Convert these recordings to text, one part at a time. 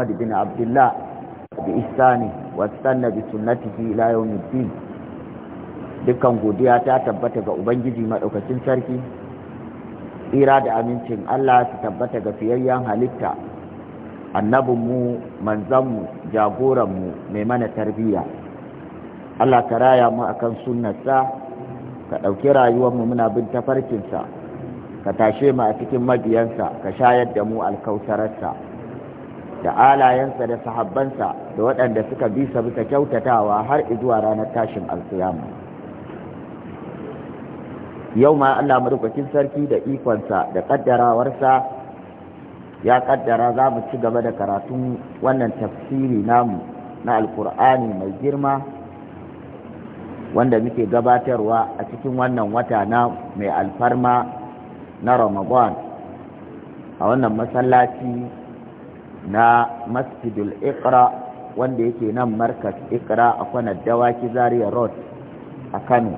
محمد بن عبد الله بإحسانه واستنى بسنته إلى يوم الدين dukkan godiya ta tabbata ga ubangiji maɗaukacin sarki tsira da amincin allah su tabbata ga fiyayyen halitta annabinmu manzanmu jagoranmu mai mana tarbiyya allah ka raya mu akan sunnarsa ka ɗauki rayuwarmu muna bin tafarkinsa ka tashe mu a cikin mabiyansa ka shayar da mu alkautararsa da alayensa da sahabbansa da waɗanda suka bi sa bisa kyautatawa har zuwa ranar tashin alkiyama yau ma Allah madaukakin sarki da ikonsa da ƙaddarawarsa ya ƙaddara za mu ci gaba da karatun wannan tafsiri namu na alkur'ani mai girma wanda muke gabatarwa a cikin wannan wata na mai alfarma na ramadan a wannan masallaci na masjidul iqra wanda yake nan markas iqra a kwanar dawaki zaria road a kano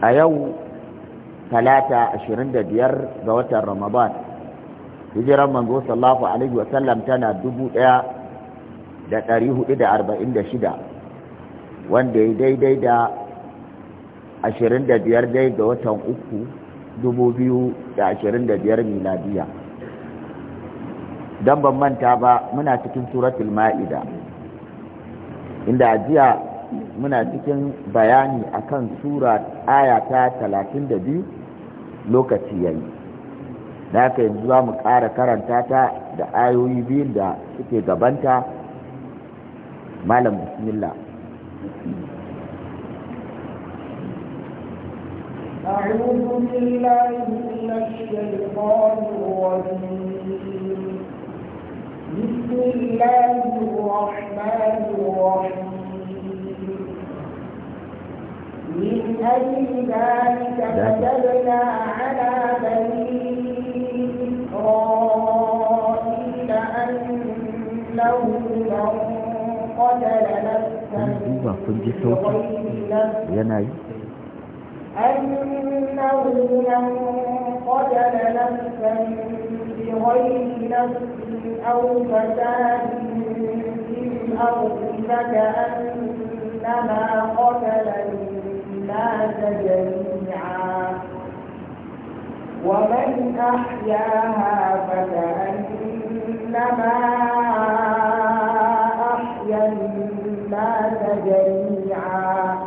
a yau talata 25 ga watan ramadan hijiran manzo sallallahu alaihi wasallam tana 1446 wanda ya daidai da 25 dai ga watan uku 2025 miladiya dan ban manta ba muna cikin suratul ma'ida inda jiya muna cikin bayani akan sura aya ta 32 lokaci yayi da haka yanzu za mu ƙara karanta ta da ayoyi biyu da suke gabanta malam bismillah أعوذ بالله من الشيطان الرجيم بسم الله الرحمن الرحيم من أجل ذلك كتبنا على بني إسرائيل أنه من قتل نفسا بغير أنه من قتل نفسا بغير نفس أو فساد في الأرض فكأنما قتل الناس جميعا ومن أحياها فكأنما أحيا الناس جميعا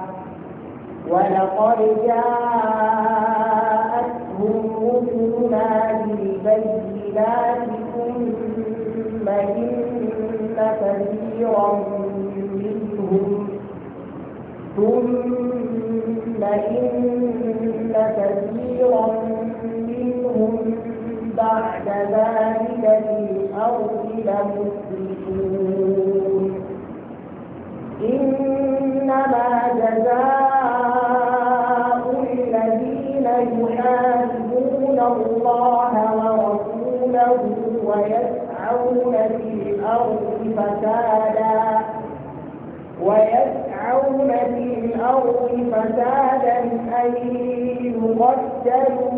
ولقد جاءتهم رسلنا بالبينات ثم إن كثيرا منهم ثم إن كثيرا منهم بعد ذلك في الأرض لمسرفون إنما جزاء الذين يحاربون الله ورسوله ويسرون ويسعون في الأرض فسادا ويسعون في الأرض فسادا أن يغتلوا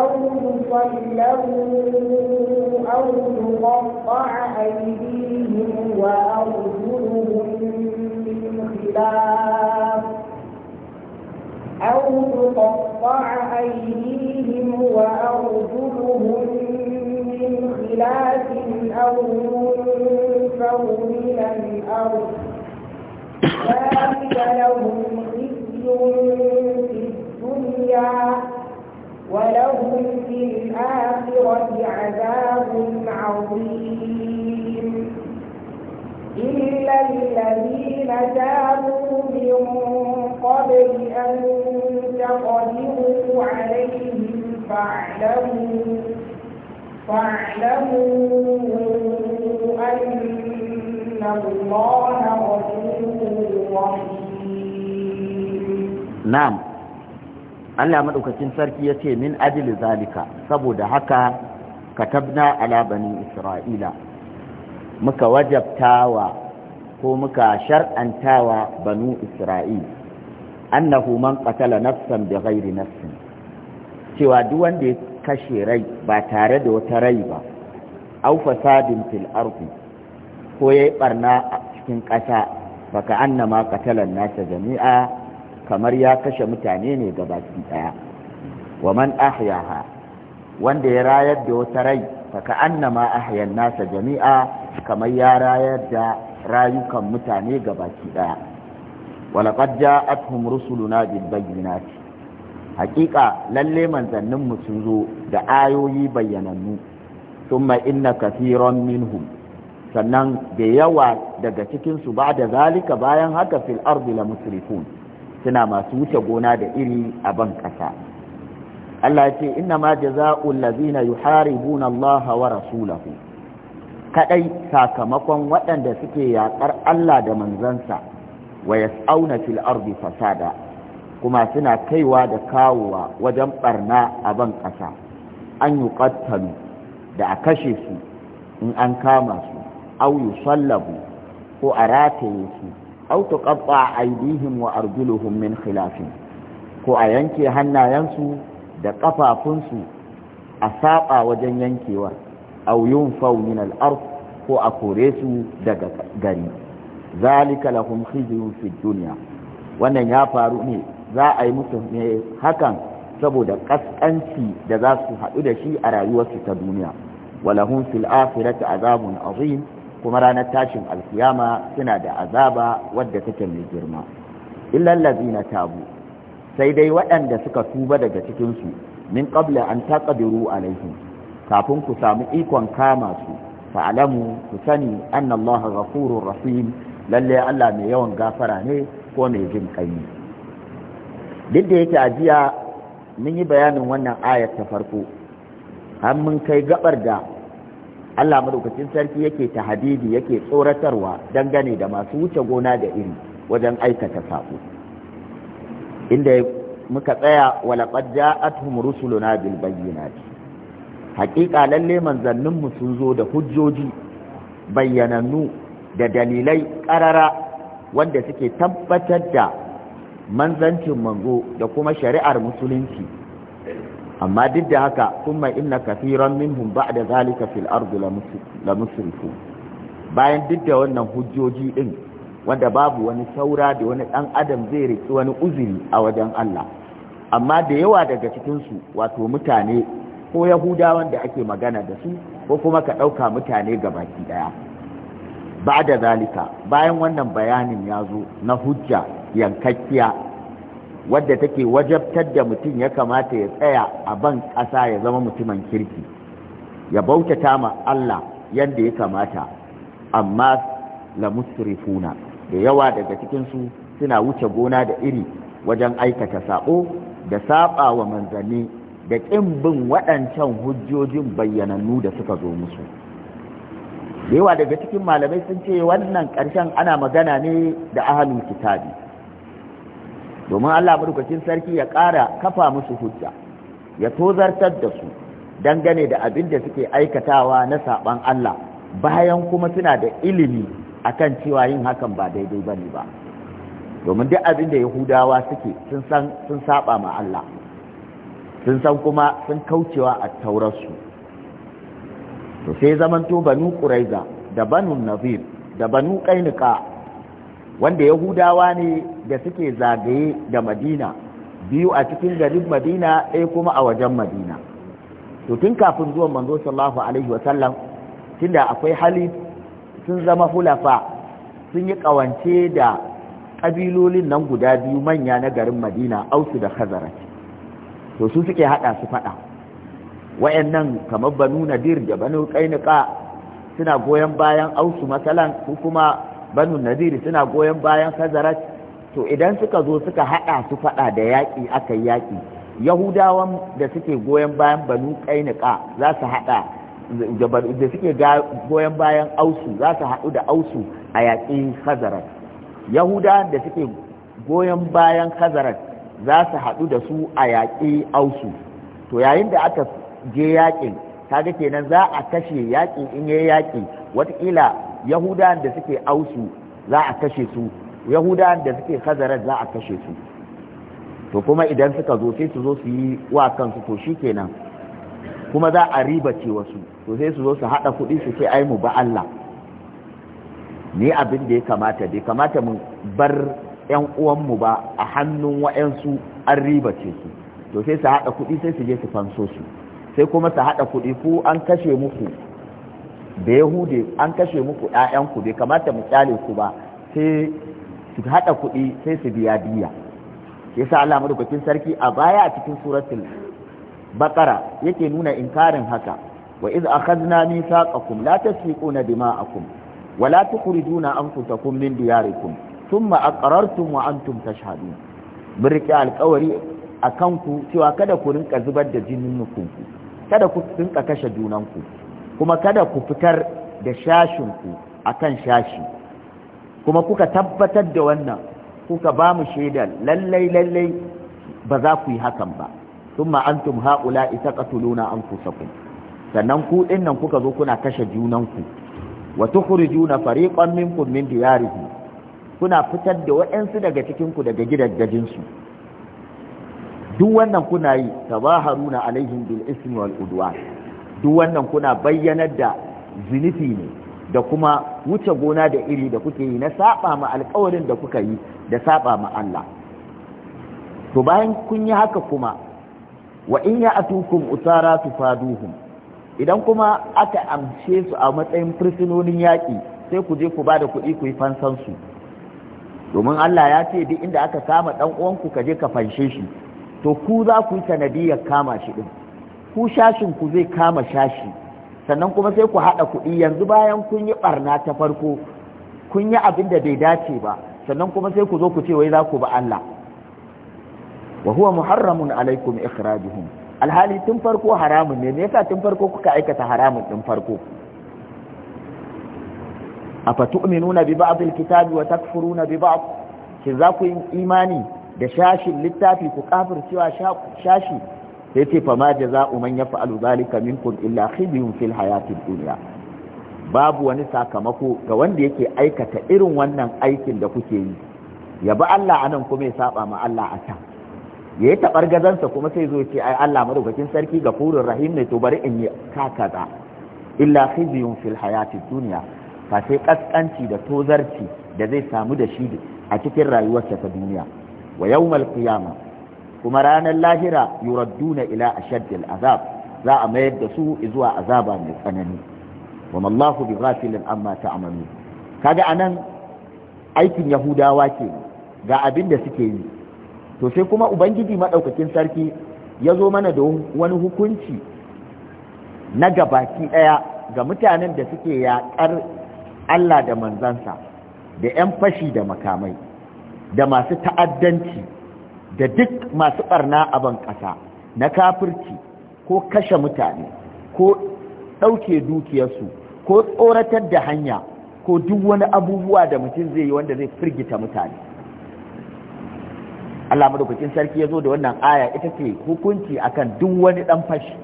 أو يصلبوا أو تقطع أيديهم وأرجلهم من خلاف أو تقطع أيديهم وأرجلهم مؤمنات أو ينفر من الأرض ذلك لهم خزي في الدنيا ولهم في الآخرة عذاب عظيم إلا الذين تابوا من قبل أن تقدروا عليهم فاعلموا na'am Allah maɗaukacin sarki ya ce min ajili zalika saboda haka katabna ala bani isra'ila muka wajabtawa ko muka shar'antawa banu isra'il annahu man ƙatala nafsan bighairi nafsin cewa duk wanda ya kashe rai ba tare da wata rai ba au fasadin fil ardi ko yayi barna a cikin ƙasa baka annama katalan nasa jami'a kamar ya kashe mutane ne baki daya wa man ahyaha wanda ya rayar da wata rai baka ma ahyan nasa jami'a kamar ya rayar da rayukan mutane ga baki ɗaya. gabaki daya ولقد rusuluna bil bayyinati haƙiƙa lalle manzanninmu sun zo da ayoyi sun summa inna kathiran minhu, sannan da yawa daga cikinsu ba da zalika bayan haka fil ardi la musrifun suna masu wuce gona da iri a ban ƙasa Allah ya ce inna ma jaza'ul ladzina yuharibuna Allah wa rasulahu Kaɗai sakamakon waɗanda suke yaƙar Allah da manzansa wa yas'auna fil ardi fasada kuma suna kaiwa da kawowa wajen barna a ban ƙasa an yi ƙattalu da a kashe su in an kama su auyu sallabu ko a rataye su au a aidihim wa arjuluhum min khilafin ko a yanke hannayensu da ƙafafunsu a saɓa wajen yankewa au faunin al'arf ko a kore su daga gari zalika lahum khizyun fi duniya wannan ya faru ne za a yi musu ne hakan saboda kaskanci da za su haɗu da shi a rayuwarsu ta duniya walahun fil akhirati azabun azim kuma ranar tashin alkiyama suna da azaba wadda take mai girma illal ladina tabu sai dai waɗanda suka tuba daga cikin su min qabla an taqdiru alaihim kafin ku samu ikon kama su fa'alamu ku sani anna allaha ghafurur rahim lalle Allah mai yawan gafara ne ko mai jin kai duk da yake ajiya mun yi bayanin wannan ayar ta farko har mun kai gabar da Allah madaukakin sarki yake ta hadidi yake tsoratarwa dangane da masu wuce gona da iri wajen aikata sako inda muka tsaya walaƙad ja'atuhum rusuluna bil bayyinati haƙiƙa lalle mu sun zo da hujjoji bayyanannu da dalilai ƙarara wanda suke tabbatar da manzancin manzo da kuma shari'ar musulunci amma duk da haka kuma inna kafiran minhum ba'da zalika fil ardi la musrifu bayan duk da wannan hujjoji din wanda babu wani saura da wani dan adam zai riki wani uzuri a wajen Allah amma da yawa daga cikin su wato mutane ko yahudawan da ake magana da su ko kuma ka ɗauka mutane gabaki daya ba'da zalika bayan wannan bayanin ya zo na hujja yankakkiya wadda take wajabtar da mutum ya kamata ya tsaya a ban ƙasa ya zama mutumin kirki ya bautata ma Allah yadda ya kamata amma lamusrifuna. da yawa daga cikinsu suna wuce gona da iri wajen aikata saɓo da saɓa wa manzanni da ƙin bin waɗancan hujjojin bayyanannu da suka zo musu yawa daga cikin malamai sun ce wannan ƙarshen ana magana ne da ahalin kitabi domin Allah madaukakin sarki ya ƙara kafa musu hujja ya tozartar da su dangane da abin da suke aikatawa na saban Allah bayan kuma suna da ilimi akan cewa yin hakan ba daidai bane ba domin duk abin da Yahudawa suke sun san sun saba ma Allah sun san kuma sun kaucewa a taurarsu to sai zamanto banu ƙuraiza da banu nazir da banu ƙainuka wanda yahudawa ne da suke zagaye da madina biyu a cikin garin madina ɗaya kuma a wajen madina to tun kafin zuwan manzo sallallahu alaihi sallam tunda akwai hali sun zama hulafa sun yi ƙawance da ƙabilolin nan guda biyu manya na garin madina ausu da khazaraj to su suke haɗa su faɗa wayannan kamar banu nadir da banu kainuka suna goyon bayan ausu masalan ko kuma banu nadir suna goyon bayan khazaraj to idan suka zo suka haɗa su faɗa da yaƙi aka yi yaƙi yahudawan da suke goyon bayan banu ƙainika za su haɗa da suke goyon bayan ausu za su haɗu da ausu a yaƙi hazarat yahudawan da suke goyon bayan hazarat za su haɗu da su a yaƙi ausu to yayin da aka je yaƙin kaga kenan za a kashe yaƙi in yayi yaƙi watakila yahudawan da suke ausu za a kashe su yahudawan da suke kazarar za a kashe su to kuma idan suka zo sai su zo su yi wa kansu to shi kenan kuma za a riba ce wasu to sai su zo su haɗa kuɗi su ce ai mu ba Allah ne abin da ya kamata bai kamata mu bar yan uwanmu ba a hannun wa'yansu an riba ce su to sai su haɗa kuɗi sai su je su fanso su sai kuma su haɗa kuɗi ku an kashe muku da yahude an kashe muku yayanku bai kamata mu kyale ku ba sai su haɗa kuɗi sai su biya Ya sa Allah madaukakin sarki a baya a cikin suratul baqara yake nuna inkarin haka wa iz akhadna mithaqakum la tasfiquna dima'akum wa la tukhrijuna anfusakum min diyarikum thumma aqrartum wa antum tashhadun mun rike alƙawari akan ku cewa kada ku rinka zubar da jinin nukunku kada ku rinka kashe junanku kuma kada ku fitar da shashinku akan shashi kuma kuka tabbatar da wannan kuka ba mu lallai lallai ba za ku yi hakan ba thumma antum an taqtuluna anfusakum sannan ku nan kuka zo kuna kashe junanku wa tukhrijuna fariqan minkum min diyarihim kuna fitar da waɗansu daga cikinku daga gidajen su duk wannan kuna yi tabaharuna alaihim bil ismi wal udwan duk wannan kuna bayyanar da zinifi ne da kuma wuce gona da iri da kuke yi na saba ma alkawarin da kuka yi da saba ma Allah to bayan kun yi haka kuma wa in ya atukum utara tufaduhum idan kuma aka amshe su a matsayin fursunonin yaƙi sai ku je ku ba da kuɗi ku yi fansan su domin Allah ya ce duk inda aka kama ɗan uwanku ka je ka fanshe shi to ku za ku yi sanadiyar kama shi din? ku shashin ku zai kama shashi sannan kuma sai ku haɗa kuɗi yanzu bayan kun yi ɓarna ta farko kun yi abin da bai dace ba sannan kuma sai ku zo ku ce wai za ku ba Allah wa huwa muharramun alaikum ikhrajuhum alhali tun farko haramun ne me yasa tun farko kuka aikata haramun tun farko tu'minuna bi ba'd alkitabi wa takfuruna bi ba'd kin za ku yi imani da shashin littafi ku kafircewa shashi sai ce fa za jaza'u man fa'alu zalika minkum illa khizyun fil hayatid babu wani sakamako ga wanda yake aikata irin wannan aikin da kuke yi ya bi Allah anan kuma ya saba ma Allah a can ya yi tabar gazansa kuma sai zo ce ai Allah madaukakin sarki furin rahim ne to bari in yi kakaza illa khizyun fil hayatid dunya fa sai kaskanci da tozarci da zai samu da shi a cikin rayuwarsa ta duniya wa yawmal qiyamah kuma ranar lahira yuradduna ila ashaddil azab za a mayar da su zuwa azaba mai tsanani wa mallahu bi ghafilin amma ta'malu kaga anan aikin yahudawa ke ga abin da suke yi to sai kuma ubangiji madaukakin sarki ya zo mana da wani hukunci na gabaki daya ga mutanen da suke yaƙar Allah da manzansa da 'yan fashi da makamai da masu ta'addanci da duk masu barna a ban ƙasa na kafirci ko kashe mutane ko ɗauke dukiyarsu ko tsoratar da hanya ko duk wani abubuwa da mutum zai yi wanda zai firgita mutane Allah madaukakin sarki ya zo da wannan aya ita ce hukunci akan duk wani ɗan fashi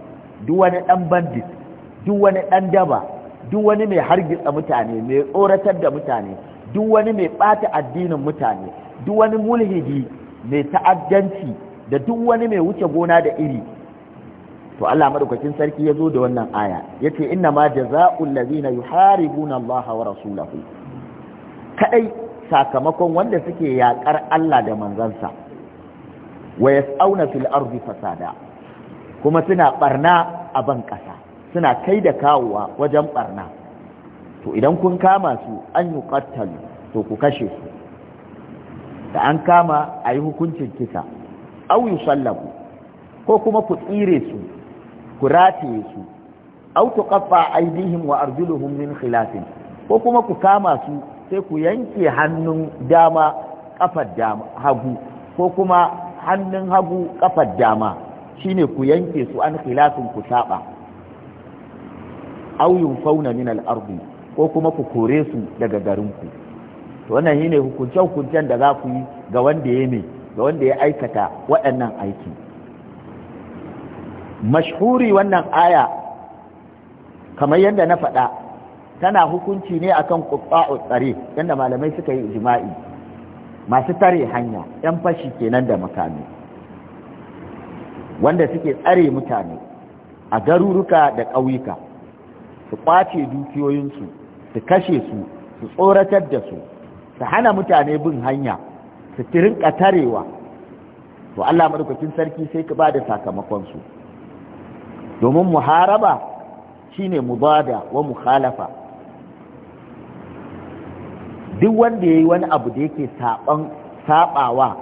duk wani ɗan bandit duk wani ɗan daba duk wani mai hargitsa mutane mai tsoratar da mutane duk wani mai ɓata addinin mutane duk wani mulhidi mai ta'addanci da duk wani mai wuce gona da iri to Allah madaukakin sarki ya zo da wannan aya yace inna ma jazaa'ul ladina yuharibuna Allah wa rasulahu kadai sakamakon wanda suke yakar Allah da manzansa wa yas'auna fil ardi fasada kuma suna barna a ban kasa suna kai da kawuwa wajen barna to idan kun kama su an yuqattalu to ku kashe su da an kama a yi hukuncin kisa au sallaku, ko kuma ku tsire su ku rataye su au tu aidihim wa arjuluhum min khilafin ko kuma ku kama su sai ku yanke hannun dama kafar hagu ko kuma hannun hagu kafar dama shine ku yanke su an khilafin ku saba au fauna min al ko kuma ku kore su daga garinku to wannan shine hukunce hukuncen da za ku yi ga wanda ya ne ga wanda ya aikata waɗannan aiki mashhuri wannan aya kamar yadda na faɗa tana hukunci ne akan kan tsare yadda malamai suka yi jima'i masu tare hanya 'yan fashi kenan da makami wanda suke tsare mutane a garuruka da ƙauyuka su ƙwace dukiyoyinsu su kashe su su tsoratar da su su hana mutane bin hanya su tirin tarewa to Allah madaukakin sarki sai ka bada sakamakon su domin muharaba shine mubada wa mukhalafa duk wanda yayi wani abu da yake saban sabawa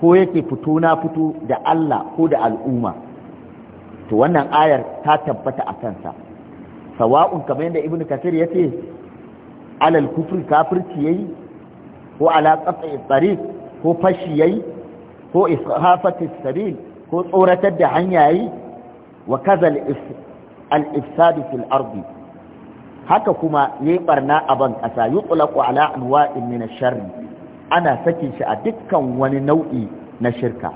ko yake fito na fito da Allah ko da al'umma to wannan ayar ta tabbata a kansa sawa'un kamar yadda ibnu kasir yace alal kufri kafirci yayi ko ala qat'i tariq ko fashi yayi ko ishafati sabil ko tsoratar da hanya yayi wa kaza al ifsad fil ardi haka kuma yayi barna a ban kasa yutlaqu ala anwa'in min ash-sharr ana sakin shi a dukkan wani nau'i na shirka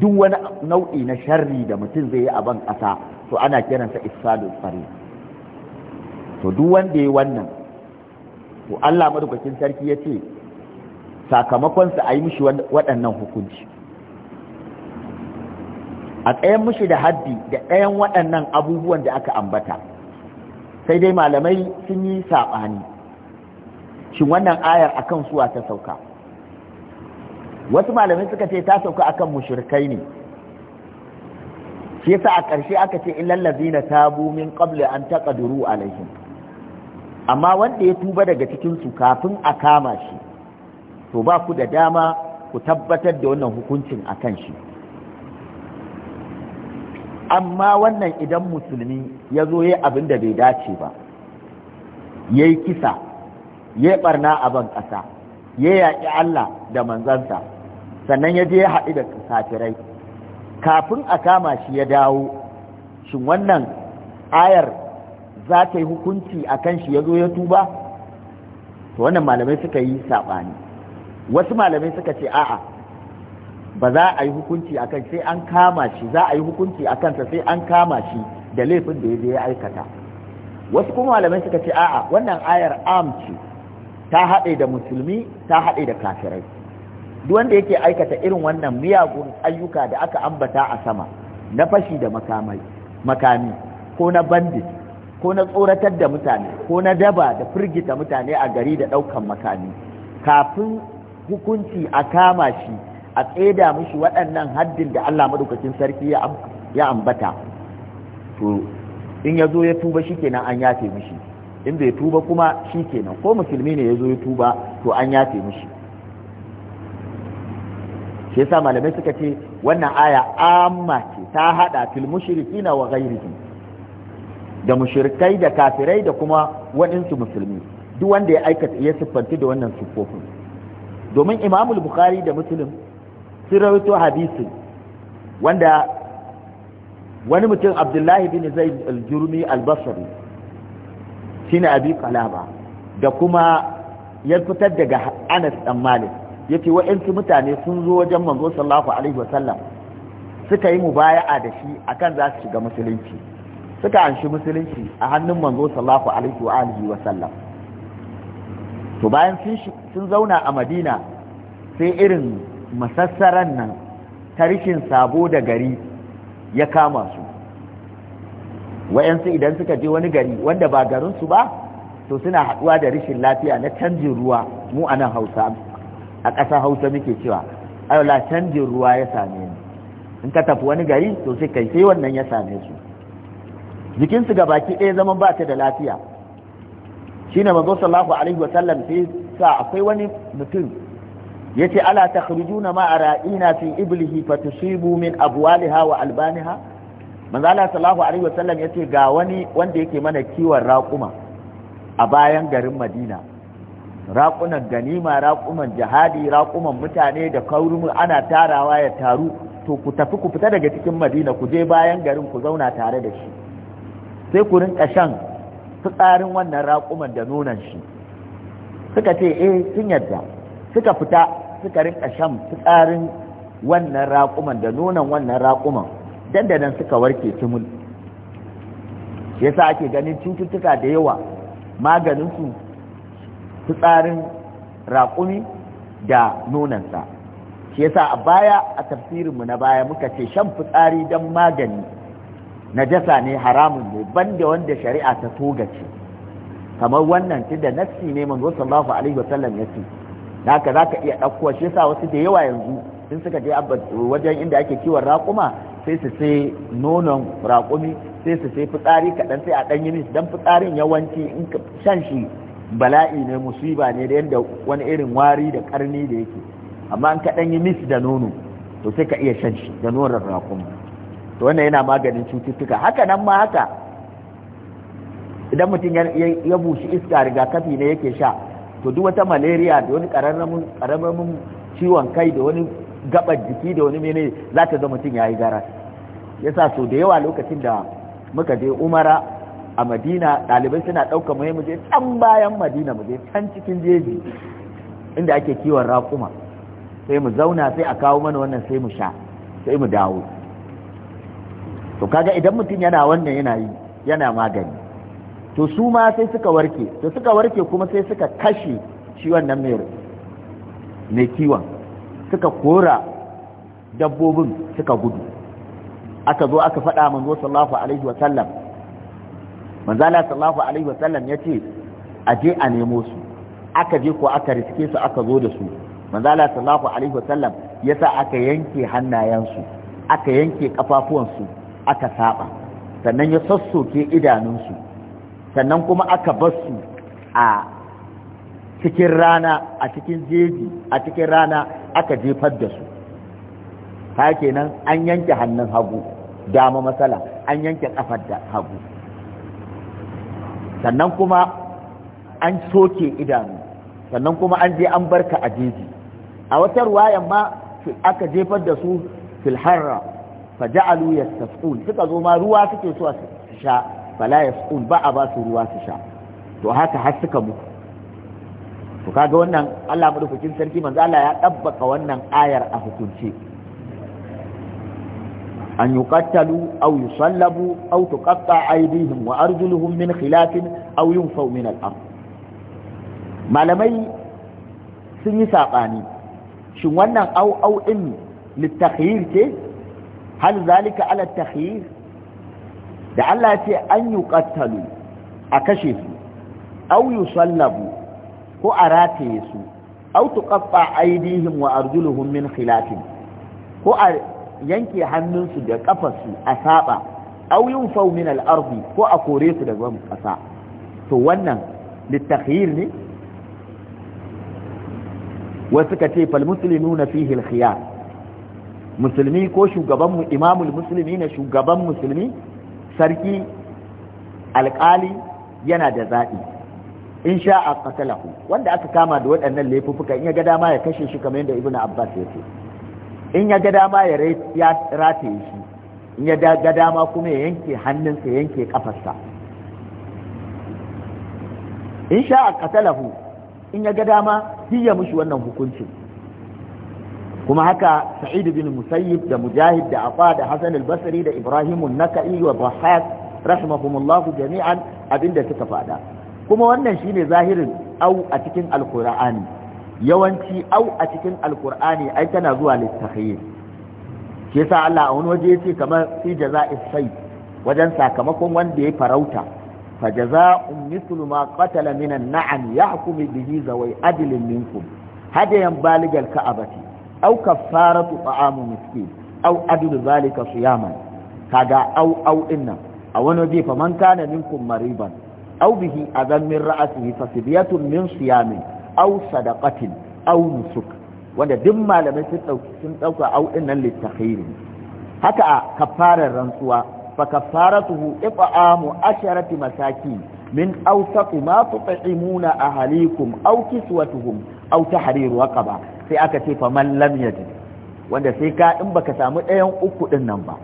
duk wani nau'i na sharri da mutum zai yi a ban kasa to ana kiransa ifsadul fariq to duk wanda yayi wannan to Allah madaukakin sarki ya ce sakamakonsa a yi mishi waɗannan hukunci a tsayan mishi da haddi da ɗayan waɗannan abubuwan da aka ambata sai dai malamai sun yi saɓani shin wannan ayar akan suwa ta sauka wasu malamai suka ce ta sauka akan mushrikai ne shi yasa a ƙarshe aka ce in illal ladzina tabu min qabli an a laifin? amma wanda ya tuba daga cikinsu kafin a kama shi to ba ku da dama ku tabbatar da wannan hukuncin a kan shi amma wannan idan musulmi ya zo ya abin da bai dace ba ya yi kisa ya yi barna a ban ƙasa ya yaƙi Allah da manzansa sannan ya je ya haɗu da kafirai kafin a kama shi ya dawo shin wannan ayar za ta yi hukunci a kan shi ya zo ya tuba to wannan malamai suka yi saɓani wasu malamai suka ce a'a ba za a yi hukunci a kan sai an kama shi za a yi hukunci a kansa sai an kama shi da laifin da ya je ya aikata wasu kuma malamai suka ce a'a wannan ayar am ce ta haɗe da musulmi ta haɗe da kafirai duk wanda yake aikata irin wannan miyagun ayyuka da aka ambata a sama na fashi da makami ko na bandit ko na tsoratar da mutane ko na daba da firgita mutane a gari da ɗaukan makami kafin hukunci a kama shi a tseda mishi waɗannan haddin da Allah madaukakin sarki ya ambata to in ya zo ya tuba shi kenan an yafe mishi in bai tuba kuma shi kenan, ko musulmi ne ya zo ya tuba to an yafe mishi shi yasa malamai suka ce wannan aya amma ce ta haɗa fil mushrikina wa ghairihim da mushrikai da kafirai da kuma waɗansu musulmi duk wanda ya aikata ya siffanci da wannan siffofin domin imamul bukhari da Musulmi sun rawaito hadisin wanda wani mutum abdullahi bin zaid al-jurmi al-basri shine abi kalaba da kuma ya fitar daga anas dan malik yace wa'ansu mutane sun zo wajen manzo sallallahu alaihi wasallam suka yi mubaya'a da shi akan za su shiga musulunci suka anshi musulunci a hannun manzo sallallahu alaihi wa alihi wa sallam to bayan sun zauna a madina sai irin masassaran nan tarishin sabo da gari ya kama su wayansu idan suka je wani gari wanda ba garin su ba to suna haɗuwa da rashin lafiya na canjin ruwa mu a nan hausa a ƙasar hausa muke cewa ayola canjin ruwa ya same ni in ka tafi wani gari to sai kai sai wannan ya same su Jikin su ga baki ɗaya zama ba ta da lafiya shine mazo sallahu alaihi wa sallam sai sa akwai wani mutum ya yace ala na ma'ara ina fi iblihi fatusibu min abwaliha wa albaniha manzo ala sallahu alaihi wa sallam ya ce ga wani wanda yake mana kiwon raƙuma a bayan garin Madina raƙunan ganima raƙuman jihadi raƙuman mutane da kaurumi ana tarawa ya taru to ku tafi ku fita daga cikin Madina ku je bayan garin ku zauna tare da shi sai ku rinka shan fitsarin wannan raƙuman da nunan shi suka ce eh sun yadda suka fita suka rinka shan fitsarin wannan raƙuman da nunan wannan raƙuman dandanan suka warke tumul shi yasa ake ganin cututtuka da yawa maganinsu fitsarin raƙumi da nunansa, shi yasa a baya a tafsirinmu na baya muka ce shan fitsari don magani najasa ne haramun ne banda wanda shari'a ta toga ce kamar wannan tunda nassi ne manzo sallallahu alaihi wasallam ya ce haka zaka iya ɗauko shi yasa wasu da yawa yanzu in suka je wajen inda ake kiwon raƙuma sai su sai nonon raƙumi sai su sai fitsari kaɗan sai a ɗan yi musu don fitsarin yawanci in shan shi bala'i ne musiba ne da yadda wani irin wari da karni da yake amma in ka ɗan yi musu da nono to sai ka iya shan shi da nonon raƙumi to wannan yana maganin cututtuka haka nan ma haka idan mutum ya bushi iska rigakafi ne yake sha to duk wata malaria da wani ƙaramin ciwon kai da wani gabar jiki da wani mene za ta zama mutum ya yi gara sa so da yawa lokacin da muka je umara a madina ɗalibai suna ɗauka mu je can bayan madina muje je can cikin jeji inda ake kiwon raƙuma sai mu zauna sai a kawo mana wannan sai mu sha sai mu dawo to kaga idan mutum yana wannan yana yi yana magani to su ma sai suka warke to suka warke kuma sai suka kashe shi wannan mai kiwon suka kora dabbobin suka gudu aka zo aka faɗa manzo sallallahu alaihi wasallam manzo sallallahu alaihi wasallam ya ce a je a nemo su aka je ko aka riske su aka zo da su manzo sallallahu alaihi wasallam ya sa aka yanke hannayensu aka yanke kafafuwansu aka saba sannan ya sassoke idanunsu sannan kuma aka basu a cikin rana a cikin jeji a cikin rana aka jefar da su ta kenan an yanke hannun hagu dama matsala an yanke kafar da hagu sannan kuma an soke idanu sannan kuma an je an barka a jeji a wata ruwayan ma aka jefar da su filharra fa ja'alu suka zo ma ruwa suke so su sha fala yasqun ba a ba su ruwa su sha to haka har suka mutu to kaga wannan Allah madaukakin sarki manzo Allah ya dabbaka wannan ayar a hukunce an yuqattalu aw yusallabu aw tuqatta aydihim wa arjuluhum min khilaf aw yunfaw min al-ard malamai sun yi sabani shin wannan au au din litakhyir ce hal zalika ala takhir da Allah ya ce an yi yuqattalu a kashe su aw yusallabu ko a rataye su aw tuqaffa aydihim wa arjuluhum min khilafin ko a yanke hannunsu da ƙafarsu a saba aw yunfaw min al-ardi ko a kore su daga kasa to wannan litakhyir ne wasu ka ce fal muslimuna fihi al-khiyar musulmi ko shugaban imamul musulmi na shugaban musulmi sarki alkali yana da zaɓi in sha a qatalahu wanda aka kama da waɗannan laifuffuka in ya ga dama ya kashe shi kamar yadda ibnu abbas ya ce in ya ga dama ya rataye shi in ya ga dama kuma ya yanke hannunsa yanke kafarsa in sha a qatalahu in ya ga dama ya mushi wannan hukuncin kuma haka sa'id bin musayyib da mujahid da afa da hasan al-basri da ibrahim an-naka'i wa dhahhak rahimahumullahu jami'an abinda suka fada kuma wannan shine zahirin au a cikin alqur'ani yawanci au a cikin alqur'ani ai tana zuwa litakhayyir shi yasa Allah a wani waje yace kamar fi jaza'is sayy wajen sakamakon wanda ya farauta fa jaza'un mithlu ma qatala min naam yahkum bihi zawai adlin minkum hadayan baligal ka'abati أو كفارة طعام مسكين أو أدل ذلك صياما كذا أو أو إن أو نجي فمن كان منكم مريبا أو به أذن من رأسه فسبية من صيام أو صدقة أو نسك دم لم يستوك أو إن للتخير حتى كفارة رنسوة فكفارته إطعام أشرة مساكين من أوسط ما تطعمون أهليكم أو كسوتهم أو تحرير وقبة sai aka ce fa man lam yajid wanda sai ka in baka samu ɗayan uku din nan ba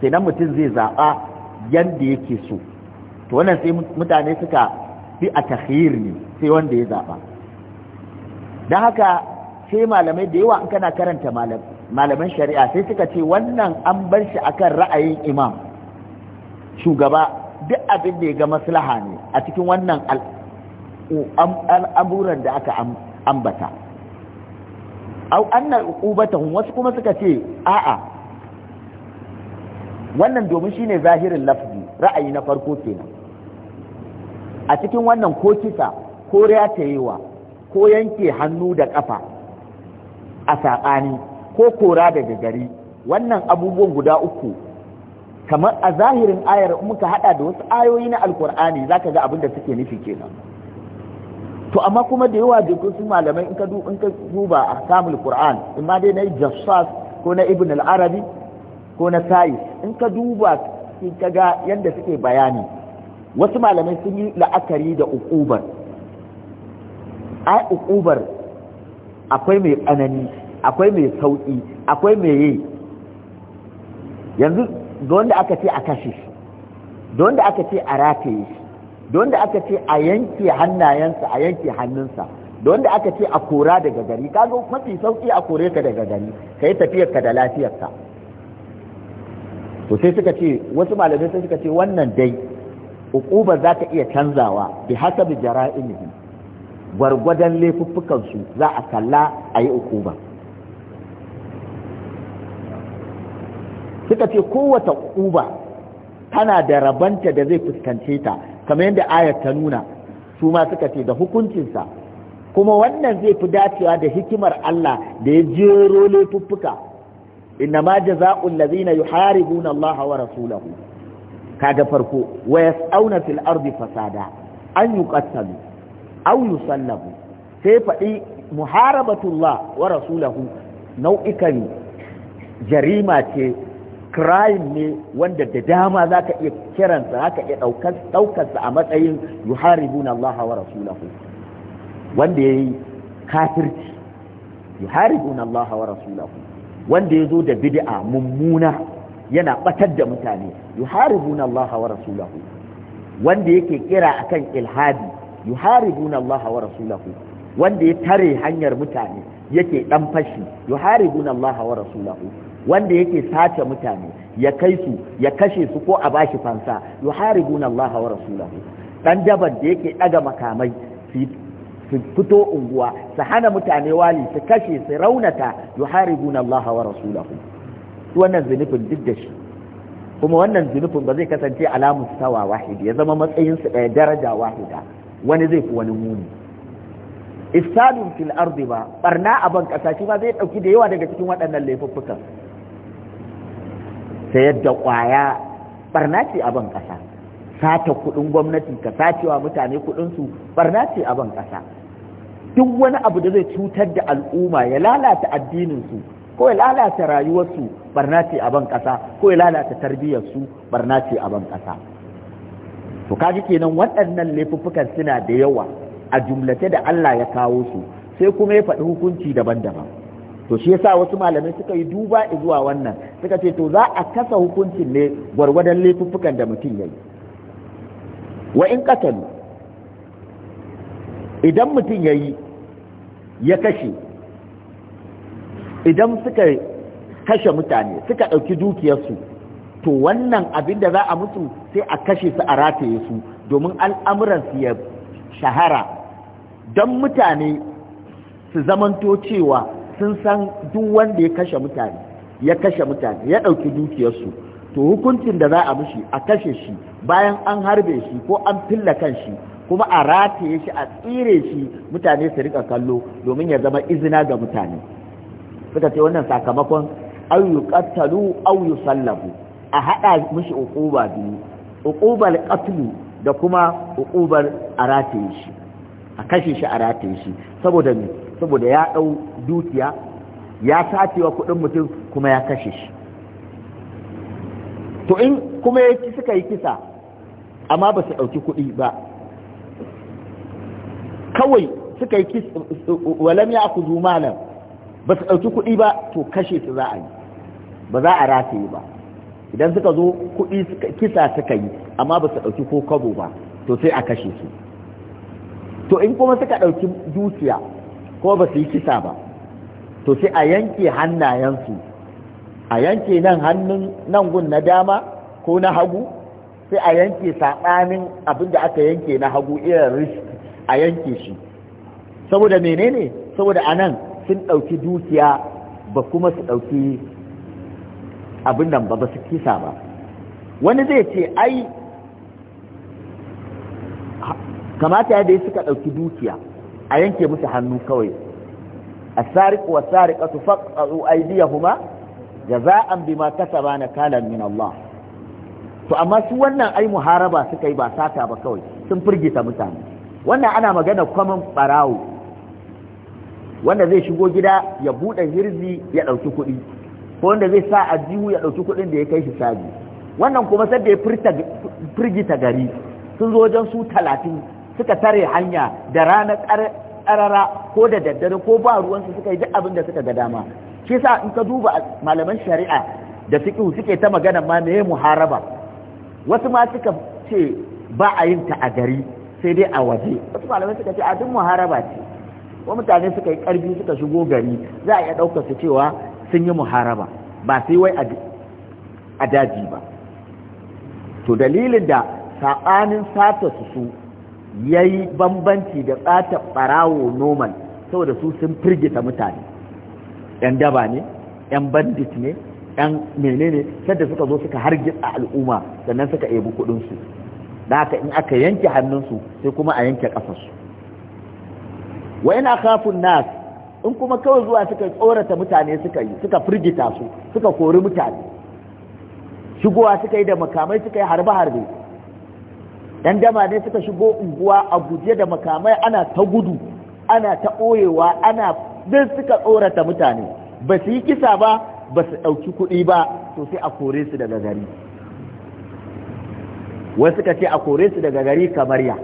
sai nan mutum zai zaɓa yanda yake so to wannan sai mutane suka fi a takhir ne sai wanda ya zaɓa don haka sai malamai da yawa in kana karanta malaman shari'a sai suka ce wannan an bar shi akan ra'ayin imam shugaba duk abin da ya ga maslaha ne a cikin wannan al'amuran da aka ambata au anna ubata wasu kuma suka ce a'a wannan domin shine zahirin lafzi ra'ayi na farko kenan a cikin wannan ko kisa ko yiwa ko yanke hannu da ƙafa a saɓani ko kora daga gari wannan abubuwan guda uku kamar a zahirin ayar muka hada da wasu ayoyi na alkur'ani zaka ga abin da suke nufi kenan to amma kuma da yawa da su malamai in ka in ka duba a samun qur'an in ma dai na jassas ko na ibn al-arabi ko na sayi in ka duba in ka ga yadda suke bayani wasu malamai sun yi la'akari da uqubar ai uqubar akwai mai tsanani akwai mai sauki akwai mai yi yanzu da wanda aka ce a kashe shi da wanda aka ce a rataye shi da wanda aka ce a yanke hannayensa a yanke hannunsa da aka ce a kora daga gari kaga mafi sauki a kore ka daga gari ka yi tafiyarka da lafiyarka to sai suka ce wasu malamai sai suka ce wannan dai ukuba za ta iya canzawa bi hasabi jara'imihim gwargwadon laifuffukansu za a kalla ayi yi ukuba suka ce kowace ukuba tana da rabanta da zai fuskance ta kamar yadda ayat ta nuna su ma suka ce da hukuncinsa kuma wannan zai fi dacewa da hikimar Allah da ya jero laifuffuka inna ma jaza'ul ladzina yuharibuna Allah wa rasulahu kaga farko wa yas'auna fil ardi fasada an yuqattalu aw yusallabu sai faɗi muharabatullah wa rasulahu nau'ikan jarima ce crime ne wanda da dama za ka iya kiransa za ka iya ɗaukarsa a matsayin Allah wa rasulahu wanda ya yi kafirci Allah wa rasulahu wanda ya zo da bid'a mummuna yana batar da mutane yuharibuna Allah wa rasulahu wanda yake kira akan ilhadi yuharibuna Allah wa rasulahu wanda ya tare hanyar mutane yake dan fashi yuharibuna Allah wa rasulahu wanda yake sace mutane ya kai su ya kashe su ko a bashi fansa yuharibuna Allah wa rasulahu dan daban da yake daga makamai su fito unguwa su hana mutane wali su kashe su raunata yuharibuna Allah wa rasulahu wannan zunubin duk da shi kuma wannan zunubin ba zai kasance alamu sawa wahidi ya zama matsayin su ɗaya daraja wahida wani zai fi wani muni ifsadun fil ardi ba barna a ban kasa shi ba zai dauki da yawa daga cikin waɗannan laifuffukan sayar da ƙwaya barna ce a ban ƙasa sata kuɗin gwamnati ka sacewa mutane kuɗinsu barna ce a ban ƙasa duk wani abu da zai cutar da al'umma ya lalata addininsu ko ya lalata rayuwarsu barna ce a ban ƙasa ko ya lalata tarbiyyarsu barna ce a ban ƙasa to kaji kenan waɗannan laifuffukan suna da yawa a jumlace da Allah ya kawo su sai kuma ya faɗi hukunci daban-daban to shi yasa wasu malamai suka yi duba zuwa wannan suka ce to za a kasa hukuncin ne gwargwadon laifuffukan da mutum ya yi wa in katalu idan mutum ya yi ya kashe idan suka kashe mutane suka ɗauki dukiyarsu to wannan abin da za a mutu sai a kashe su a rataye su domin al'amuransu ya shahara don mutane su zamanto cewa sun san duk wanda ya kashe mutane ya kashe mutane ya ɗauki dukiyarsu to hukuncin da za a mishi a kashe shi bayan an harbe shi ko an filla kan shi kuma a rataye shi a tsire shi mutane su rika kallo domin ya zama izina ga mutane suka ce wannan sakamakon aw yuqattalu aw yusallabu a hada mishi uquba biyu uqubal qatl da kuma uqubar a rataye shi a kashe shi a rataye shi saboda saboda ya ɗau dukiya ya sace wa kuɗin mutum kuma ya kashe shi to in kuma ya ci suka yi kisa amma ba su ɗauki kuɗi ba kawai suka yi kisa walam ya aku malam ba su ɗauki kuɗi ba to kashe su za a yi ba za a rataye ba idan suka zo kuɗi kisa suka yi amma ba su ɗauki ko kabo ba to sai a kashe su to in kuma suka ɗauki dukiya ko ba su yi kisa ba to sai a yanke hannayensu a yanke nan hannun nan gun na dama ko na hagu sai a yanke saɓanin abin da aka yanke na hagu irin risk a yanke shi saboda menene saboda a nan sun ɗauki dukiya ba kuma su ɗauki abin nan ba ba su kisa ba wani zai ce ai kamata ya dai suka ɗauki dukiya a yanke musu hannu kawai as-sariq wa sariqatu faqtu aydiyahuma jaza'an bima na nakalan min Allah to amma su wannan ai muharaba suka yi ba sata ba kawai sun firgita mutane wannan ana magana kwamin barawo wanda zai shigo gida ya buɗe hirzi ya ɗauki kuɗi ko wanda zai sa ajihu ya ɗauki kuɗin da ya kai shi saji wannan kuma sai ya firgita gari sun zo wajen su talatin suka tare hanya da ranar ƙarara ko da daddare ko ba ruwansu suka yi duk abin da suka ga dama shi yasa in ka duba malaman shari'a da fiqh suke ta magana ma meye muharaba wasu ma suka ce ba a yin ta a gari sai dai a waje wasu malamai suka ce a duk muharaba ce ko mutane suka yi karfi suka shigo gari za a iya ɗaukar su cewa sun yi muharaba ba sai wai a daji ba to dalilin da saɓanin sata su su Yayi bambanci da tsata ɓarawo noman, saboda su sun firgita mutane ‘yan daba ne ‘yan bandit ne ‘yan menene sadda suka zo suka hargitsa al'umma sannan suka ebi su da haka in aka yanke hannunsu sai kuma a yanke ƙasarsu wa ina kafin nas in kuma kawai zuwa suka tsorata mutane suka yi suka firgita su suka kori mutane shigowa suka yi da makamai suka yi harbe-harbe Dan dama ne suka shigo unguwa a guje da makamai ana ta gudu ana ta ɓoyewa ana duk suka tsorata mutane ba su yi kisa ba ba su ɗauki kuɗi ba to sai a kore su daga gari wasu suka ce a kore su daga gari kamar ya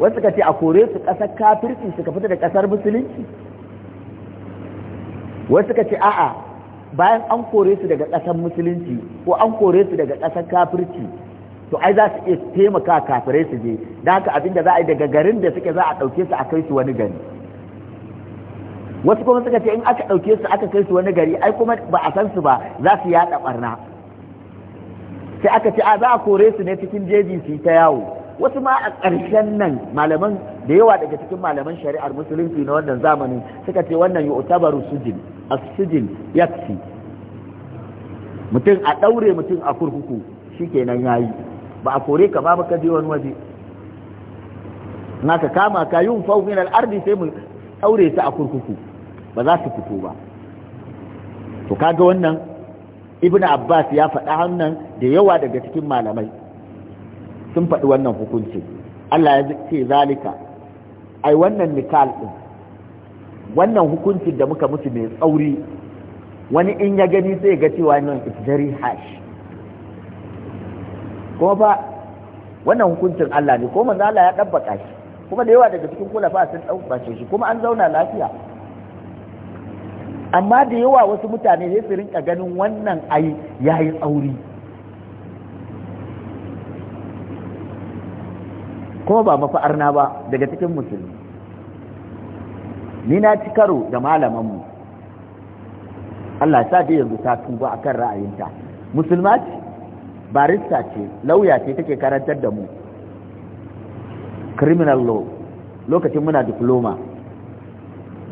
wasu suka ce a kore su ƙasar kafirci suka fita da ƙasar musulunci wasu suka ce a'a bayan an kore su daga ƙasar musulunci ko an kore su daga ƙasar kafirci to ai za su iya taimaka kafirai su je da haka abin da za a yi daga garin da suke za a ɗauke su a kai su wani gari wasu kuma suka ce in aka ɗauke su aka kai su wani gari ai kuma ba a san su ba za su yaɗa ɓarna sai aka ce a za a kore su ne cikin jeji su ta yawo wasu ma a ƙarshen nan malaman da yawa daga cikin malaman shari'ar musulunci na wannan zamanin suka ce wannan yi utabaru sujin a sujin mutum a ɗaure mutum a kurkuku shi kenan ya yi. ba a kore ka ba ka je wani waje naka kama ka yi fau min al'ardi sai mu aure ta a kurkuku ba za su fito ba to ga wannan ibn abbas ya faɗa wannan da yawa daga cikin malamai sun faɗi wannan hukunci Allah ya ce zalika ai wannan nikal din wannan hukuncin da muka mutu mai tsauri wani in ya gani sai ga cewa nan it's very harsh kuma fa wannan hukuncin Allah ne ko manzo Allah ya dabbaka shi kuma da yawa daga cikin kulafa sun ɗaukace shi kuma an zauna lafiya amma da yawa wasu mutane sai su rinka ganin wannan ai yayi tsauri kuma ba mafa'arna ba daga cikin musulmi ni na ci karo da malaman mu. Allah ya sa dai yanzu ta tuba akan ra'ayinta musulma barista ce lauya ce take karantar da mu criminal law lokacin muna diploma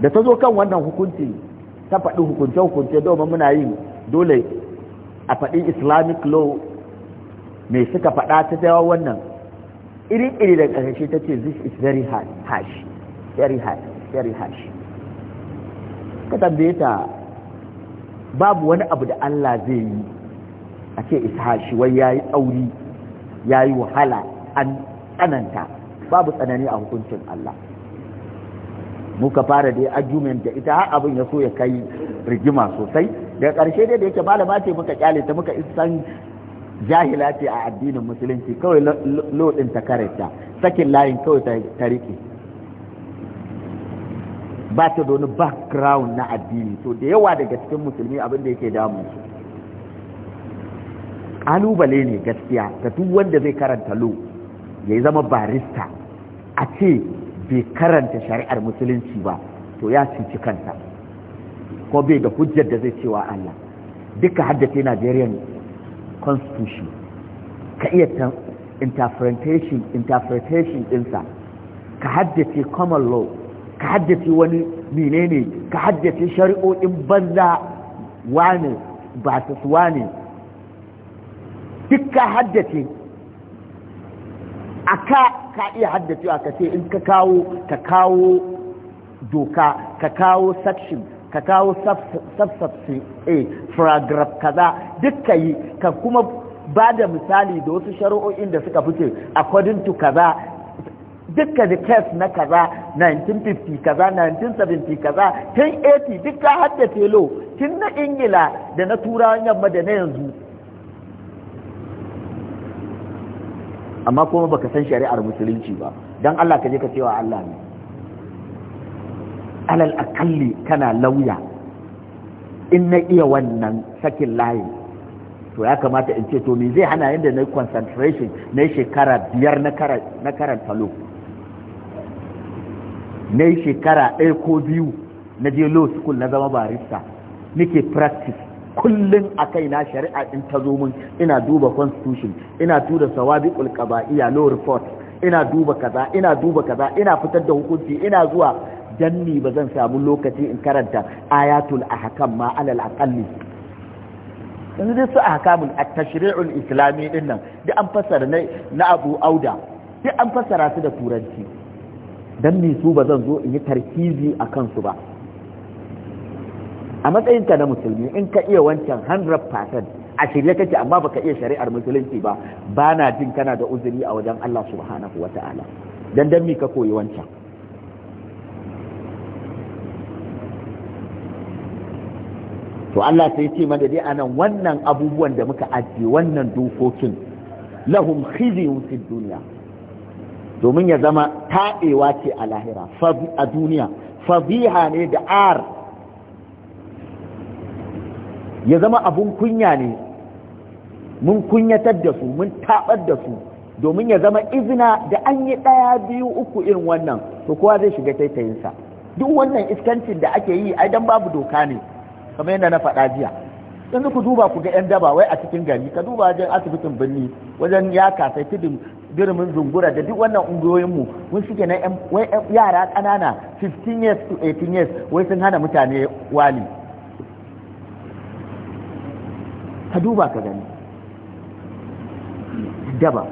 da ta zo kan wannan hukunci ta faɗi hukunce-hukunce domin muna yin dole a faɗi islamic law mai suka faɗa ta jawa wannan iri-iri da ƙarshe ta ce this is very harsh very harsh very harsh ka tambaye ta babu wani abu da Allah zai yi a ce ishashi wai yayi tsauri yayi wahala an tsananta babu tsanani a hukuncin Allah muka fara dai argument da ita har abin ya so ya kai rigima sosai daga ƙarshe dai da yake malama ce muka kyale ta muka isan jahila ce a addinin musulunci kawai lodin ta karanta sakin layin kawai ta rike ba ta da wani background na addini to da yawa daga cikin musulmi abin da yake damun su kalubale ne gaskiya ga duk wanda zai karanta lo ya zama barista a ce bai karanta shari'ar musulunci ba to ya cuci kansa ko bai da hujjar da zai cewa Allah duka haddace Nigerian constitution ka iya interpretation interpretation ɗinsa ka haddace common law ka haddace wani menene ka haddace shari'o'in banza wane ba su wane duk ka haddace a ka ka iya haddacewa a kashe in ka kawo ka kawo doka ka kawo section ka kawo subsection a paragraph kaza Dukka ka yi ka kuma ba da misali da wasu shari'o'in da suka fice according to kaza Dukka da test na kaza 1950 kaza 1970 kaza 1080 duk ka haddace lo tun na ingila da na turawan yamma da na yanzu amma kuma baka san shari'ar musulunci ba dan Allah ka je ka cewa Allah ne alal akalli kana lauya in na iya wannan sakin layin to ya kamata in ce to me zai hana yadda na concentration na shekara biyar na karanta lo na shekara ɗaya ko biyu na je law school na zama barista nake practice kullum a kaina shari'a in ta zo mun ina duba constitution ina tura sawabiqul qaba'iya law report ina duba kaza ina duba kaza ina fitar da hukunci ina zuwa janni ba zan samu lokaci in karanta ayatul ahkam ma alal aqalli In dai su ahkamul at-tashri'ul islami din nan duk an fassara na Abu Auda duk an fassara su da turanci dan su ba zan zo in yi tarkizi akan su ba a matsayinka na musulmi in ka iya wancan 100% a shirye kake amma baka iya shari'ar musulunci ba ba na jin kana da uzuri a wajen Allah subhanahu wa ta'ala dan dan mi ka koyi wancan to Allah sai ce mana dai anan wannan abubuwan da muka ajiye wannan dokokin lahum khizyun fid dunya domin ya zama taɓewa ce a lahira a duniya fabiha ne da ar ya zama abun kunya ne mun kunyatar da su mun tabar da su domin ya zama izina da an yi ɗaya biyu uku irin wannan to kowa zai shiga taitayinsa duk wannan iskancin da ake yi ai dan babu doka ne kamar yadda na faɗa jiya yanzu ku duba ku ga yan daba wai a cikin gari ka duba wajen asibitin birni wajen ya kasai tudun birnin zungura da duk wannan mu mun shige na yara ƙanana 15 years to 18 years wai sun hana mutane wali ka duba ka gani daba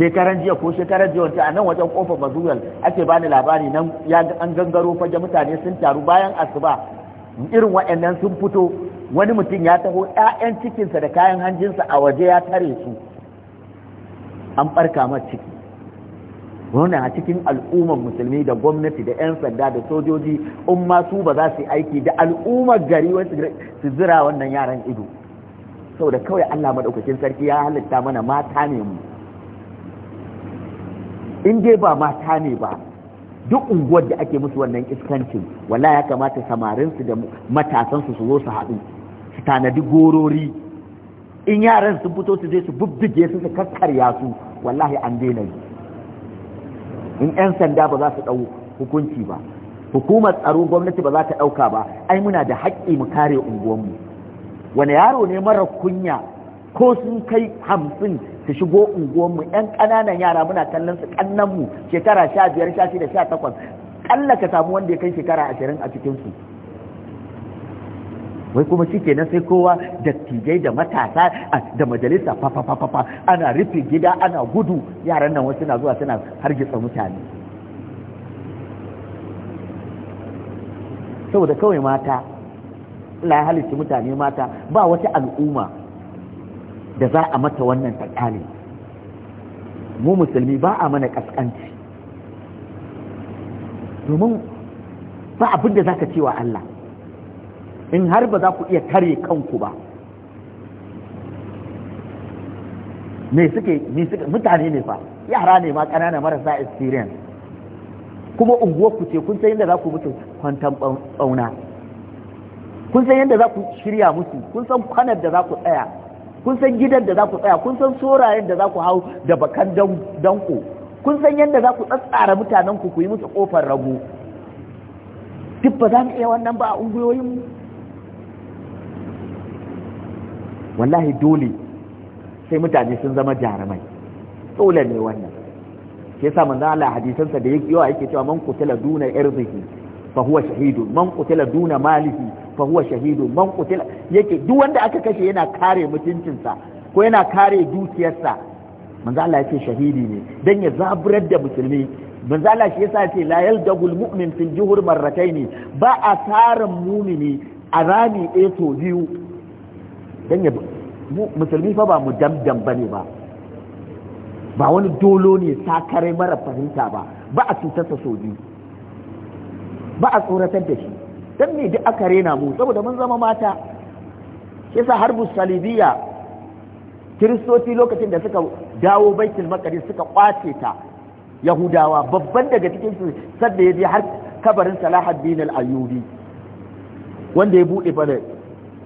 shekaran jiya ko shekaran jiya wata a nan wajen kofar bazuwal ake bani labari nan an gangaro fage mutane sun taru bayan asuba irin waɗannan sun fito wani mutum ya taho 'ya'yan cikinsa da kayan hanjinsa a waje ya tare su an ɓarka ciki wannan a cikin al'ummar musulmi da gwamnati da 'yan sanda da sojoji in ma su ba za su yi aiki da al'ummar gari su zira wannan yaran ido saboda kawai Allah maɗaukakin sarki ya halitta mana mata ne mu in dai ba mata ne ba duk unguwar da ake musu wannan iskancin wala ya kamata samarinsu da matasansu su zo su haɗu su tanadi gorori in yaran sun fito su je su bubbuge su su kakkarya su wallahi an daina yi in 'yan sanda ba za su ɗau hukunci ba hukumar tsaro gwamnati ba za ta ɗauka ba ai muna da haƙƙi mu kare unguwanmu wani yaro ne mara kunya ko sun kai hamsin su shigo unguwanmu 'yan ƙananan yara muna kallon su ƙannanmu shekara sha biyar sha shida sha takwas ƙalla ka samu wanda ya kai shekara ashirin a cikinsu wai kuma shi kenan sai kowa dattijai da matasa da majalisa fafafafafa ana rufe gida ana gudu yaran nan wasu na zuwa suna hargitsa mutane saboda kawai mata la mutane mata ba wata al'umma da za a mata wannan tsakali mu musulmi ba a mana kaskanci domin ba abin da za ka cewa Allah in har ba za ku iya tare kanku ba me suke mutane ne fa yara ne ma ƙanana marasa experience kuma unguwarku ku ce kun san yadda za ku mutu kwantan tsauna kun san yadda za ku shirya musu kun san kwanar da za ku tsaya kun san gidan da za ku tsaya kun san sorayen da za ku hau da bakan danko kun san yadda za ku tsatsara mutanenku ku yi musu kofar rago duk ba za mu iya wannan ba a unguwoyin wallahi dole sai mutane sun zama jarumai dole ne wannan Ke yasa manzan Allah hadisansa da yake yawa yake cewa man qutila duna irzihi fa huwa shahidu, man qutila duna malihi fa huwa shahidu, man qutila yake duk wanda aka kashe yana kare mutuncinsa ko yana kare dukiyarsa manzan Allah yake shahidi ne dan ya zaburar da musulmi manzan Allah shi yasa yake la yaldagul mu'min fil juhur marrataini ba a tarin mumini a rami ɗaya to biyu dan ya musulmi fa ba mu damdam ne ba ba wani dolo ne sakare mara fahimta ba ba a cutarsa sau biyu ba a tsoratar da shi dan me duk aka rena mu saboda mun zama mata yasa harbu salibiyya kiristoci lokacin da suka dawo baitul maqdis suka kwace ta yahudawa babban daga cikin su sadda ya je har kabarin salahuddin al-ayyubi wanda ya bude bane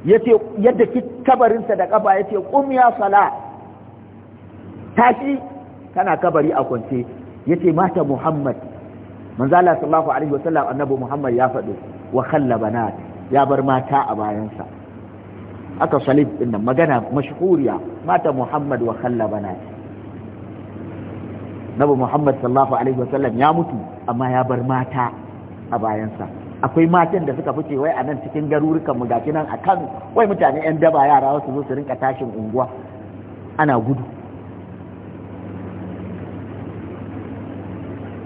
yace yadda ki kabarinsa da kaba, yace qum ya sala tashi kana kabari a kwance yace mata muhammad manzo Allah sallallahu alaihi wasallam annabi muhammad ya faɗo wa khalla banat ya bar mata a bayansa aka salif din nan magana mashhuriya mata muhammad wa khalla banat nabi muhammad sallallahu alaihi wasallam ya mutu amma ya bar mata a bayansa akwai matan da suka fice wai a nan cikin garurukan mu gaki nan akan wai mutane yan daba yara wasu su rinka tashin unguwa ana gudu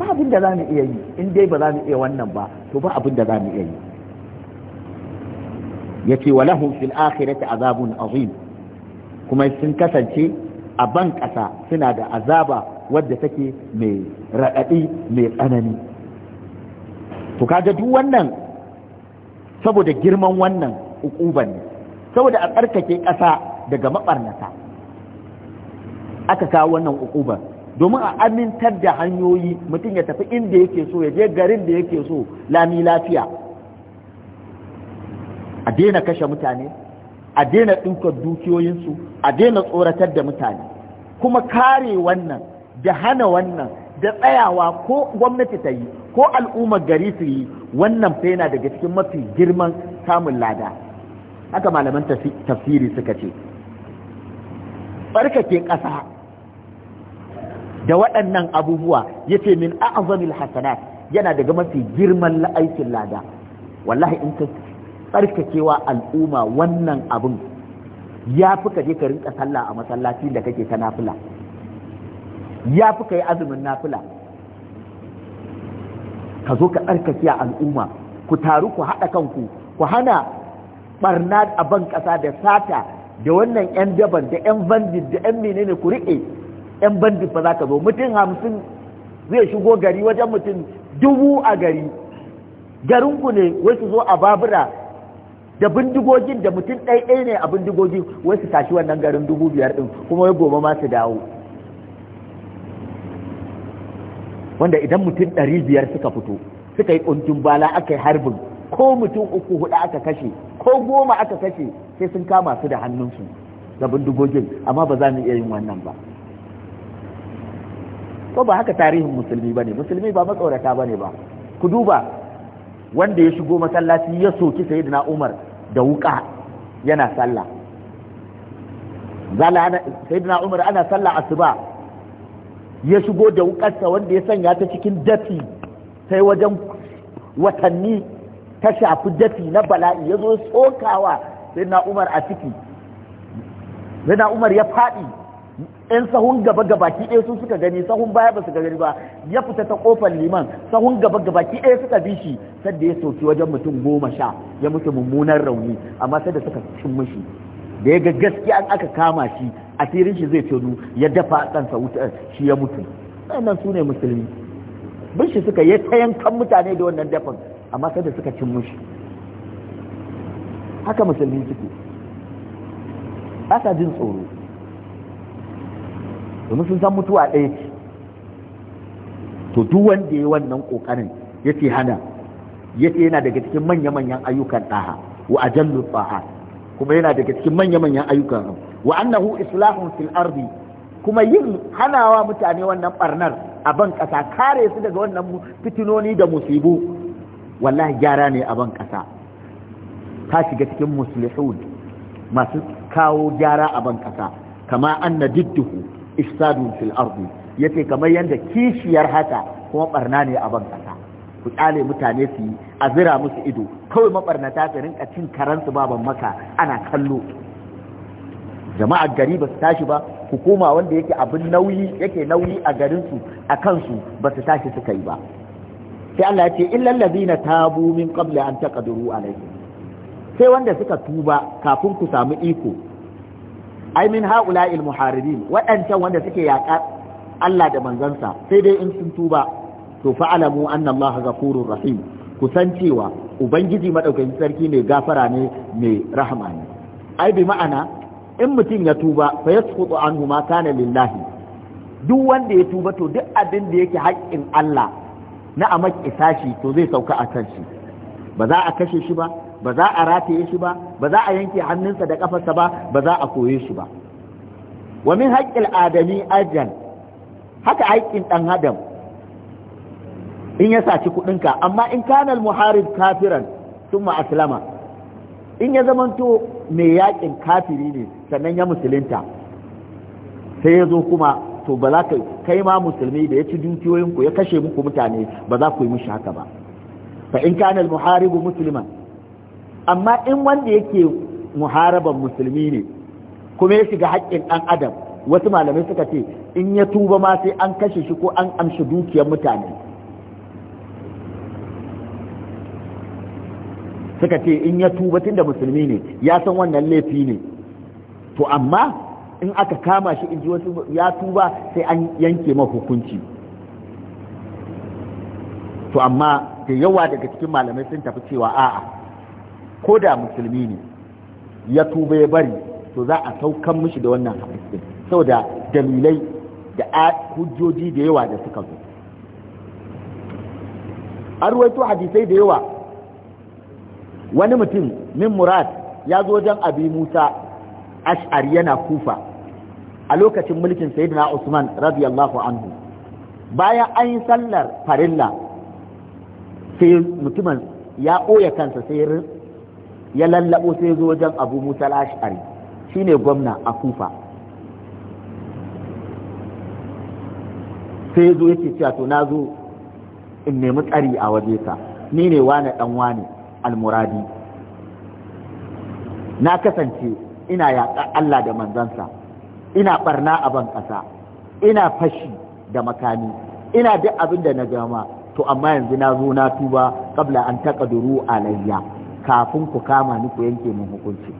ba abin da za mu iya yi in dai ba za mu iya wannan ba to ba abin da za mu iya yi yace walahum fil akhirati azabun azim kuma sun kasance a ban ƙasa suna da azaba wadda take mai raɗaɗi mai tsanani to kaga duk wannan saboda girman wannan ukuban ne saboda a tsarkake ƙasa daga maɓarnata aka kawo wannan ukuban domin a amintar da hanyoyi mutum ya tafi inda yake so ya je garin da yake so lami lafiya a daina kashe mutane a daina ɗaukar dukiyoyinsu a daina tsoratar da mutane kuma kare wannan da hana wannan da tsayawa ko gwamnati ta yi ko al'ummar gari su yi wannan fa yana daga cikin mafi girman samun lada haka malaman tafsiri suka ce barkake ƙasa da waɗannan abubuwa ya ce min a'azamil hasanat yana daga mafi girman aikin lada wallahi in ka barkakewa al'umma wannan abin ya fi ka je ka rinka sallah a masallaci da kake ta nafila ya fi ka yi azumin nafila ka zo ka tsarkake a al'umma ku taru ku haɗa kanku ku hana barna a ban ƙasa da sata da wannan 'yan daban da 'yan bandit da 'yan menene ku riƙe 'yan bandit ba za ka zo mutum hamsin zai shigo gari wajen mutum dubu a gari garinku ne wai su zo a babura da bindigogin da mutum ɗaiɗai ne a bindigogin wai su tashi wannan garin dubu biyar ɗin kuma wai gobe ma su dawo wanda idan mutum ɗari biyar suka fito suka yi ƙuntun bala aka yi harbin ko mutum uku hudu aka kashe ko goma aka kashe sai sun kama su da hannunsu da bindigogin amma ba za mu iya yin wannan ba ko ba haka tarihin musulmi ba ne musulmi ba matsorata ba ne ba ku duba wanda ya shigo masallaci ya soki sayyidina umar da wuka yana sallah sayyidina umar ana sallah asuba ya shigo da wukarsa wanda ya sanya ta cikin dafi sai wajen watanni ta shafi dafi na bala'i ya zo tsokawa sai na umar a ciki sai na umar ya faɗi yan sahun gaba gabaki ɗaya sun suka gani sahun baya ba su gani ba ya fita ta kofar liman sahun gaba gabaki ɗaya suka bi shi sadda ya soki wajen mutum goma sha ya mutu mummunan rauni amma sai da suka cin mishi da ya ga gaskiya an aka kama shi asirin shi zai tudu ya dafa kansa wuta shi ya mutu Wannan su ne musulmi bin shi suka yi ta yankan mutane da wannan dafan amma sai da suka cin mushi haka musulmi suke ba sa jin tsoro domin sun san mutuwa ɗaya ce to duk wanda ya wannan ƙoƙarin ya ce hana ya ce yana daga cikin manya-manyan ayyukan ɗaha wa ajallu tsaha kuma yana daga cikin manya-manyan ayyukan wa annahu islahun fil ardi kuma yin hanawa mutane wannan barnar a ban kasa kare su daga wannan fitinoni da musibu wallahi gyara ne a ban kasa ta shiga cikin muslihun masu kawo gyara a ban kasa kama anna diddihu ifsadun fil ardi yace kamar yanda kishiyar haka kuma barna ne a ban kasa ku tsale mutane su yi a zira musu ido kawai mabarnata su rinka cin karansu baban maka ana kallo jama'ar gari ba su tashi ba hukuma wanda yake abin nauyi yake nauyi a garinsu a kansu ba su tashi suka yi ba sai Allah ya ce illal ladina tabu min qabli an taqdiru alaihim sai wanda suka tuba kafin ku samu iko ai min haula'il muharibin waɗancan wanda suke yaƙa Allah da manzansa sai dai in sun tuba to alamu anna Allah ghafurur rahim kusan cewa ubangiji madaukakin sarki ne gafara ne mai rahama ne ai bi ma'ana in mutum ya tuba fa yasqutu anhu ma lillahi duk wanda ya tuba to duk abin da yake haƙƙin Allah na a isa shi to zai sauka a kan shi ba za a kashe shi ba ba za a rataye shi ba ba za a yanke hannunsa da kafarsa ba ba za a koye shi ba wa min haƙƙil adami ajal haka haƙƙin ɗan adam in ya saci kuɗinka amma in kanal muharib kafiran thumma aslama in ya zamanto mai yakin kafiri ne sannan ya musulunta sai ya zo kuma to ba za ka kai ma musulmi da ya ci dukiyoyinku ya kashe muku mutane ba za ku yi mishi haka ba fa in kana al-muharibu musliman amma in wanda yake muharaban musulmi ne kuma ya shiga haƙƙin ɗan adam wasu malamai suka ce in ya tuba ma sai an kashe shi ko an amshi dukiyar mutane suka ce in ya tuba tun da musulmi ne ya san wannan laifi ne to amma in aka kama shi in ji wasu ya tuba sai an yanke ma hukunci to amma da yawa daga cikin malamai sun tafi cewa a'a ko da musulmi ne ya tuba ya bari to za a saukan mishi da wannan hadisi saboda dalilai da hujjoji da yawa da suka zo an hadisai da yawa wani mutum min murad ya zo wajen abi musa ash'ari yana kufa a lokacin mulkin sayyidina usman radiyallahu anhu bayan an yi sallar farilla sai mutumin ya ɓoye kansa sai ya lallabo sai zo wajen abu musa ash'ari shine gwamna a kufa sai zo yake cewa to na zo in nemi tsari a waje ka ni ne wane ɗan wane Almuradi, na kasance ina yaƙa Allah da manzansa ina barna a ban ƙasa ina fashi da makami ina duk abin da na gama to amma yanzu na zo na tuba kabla an taƙa a alayya kafin ku kama ni ku yanke min hukunci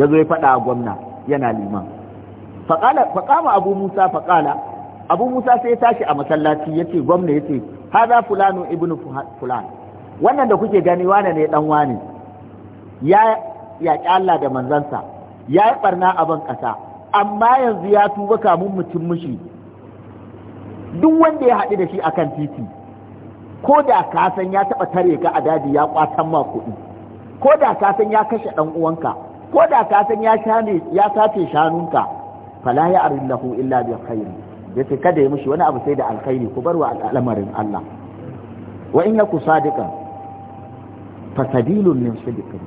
yazo ya faɗa gwamna yana liman faƙama abu musa faƙala abu musa sai ya tashi a masallaci yace gwamna yace haza fulanu ibnu fulan wannan da kuke gani wane ne dan wane ya yaƙi Allah da manzansa ya yi barna a ban amma yanzu ya tuba kamun mutum mushi duk wanda ya haɗu da shi akan titi ko da ka san ya taɓa tare ka a daji ya kwatan ma kuɗi ko da ka san ya kashe ɗan uwanka ko da ka san ya shane ya sace shanunka fala ya arillahu illa bi khairi yace kada ya mushi wani abu sai da alkhairi ku barwa al'amarin Allah wa in yaku sadiqan fa sabilun min sidiqin